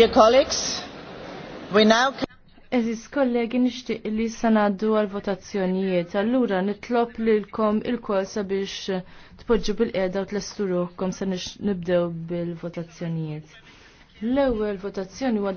Dear colleagues, we now can... Eżis kollegi nishtiq li sanaddu għal-votazzjonijiet, allura nitlob li l-kom il-kol sabiex tpoġġu bil-qeda u t-lesturuħkom sa nibdew bil-votazzjonijiet. L-ewel votazzjoni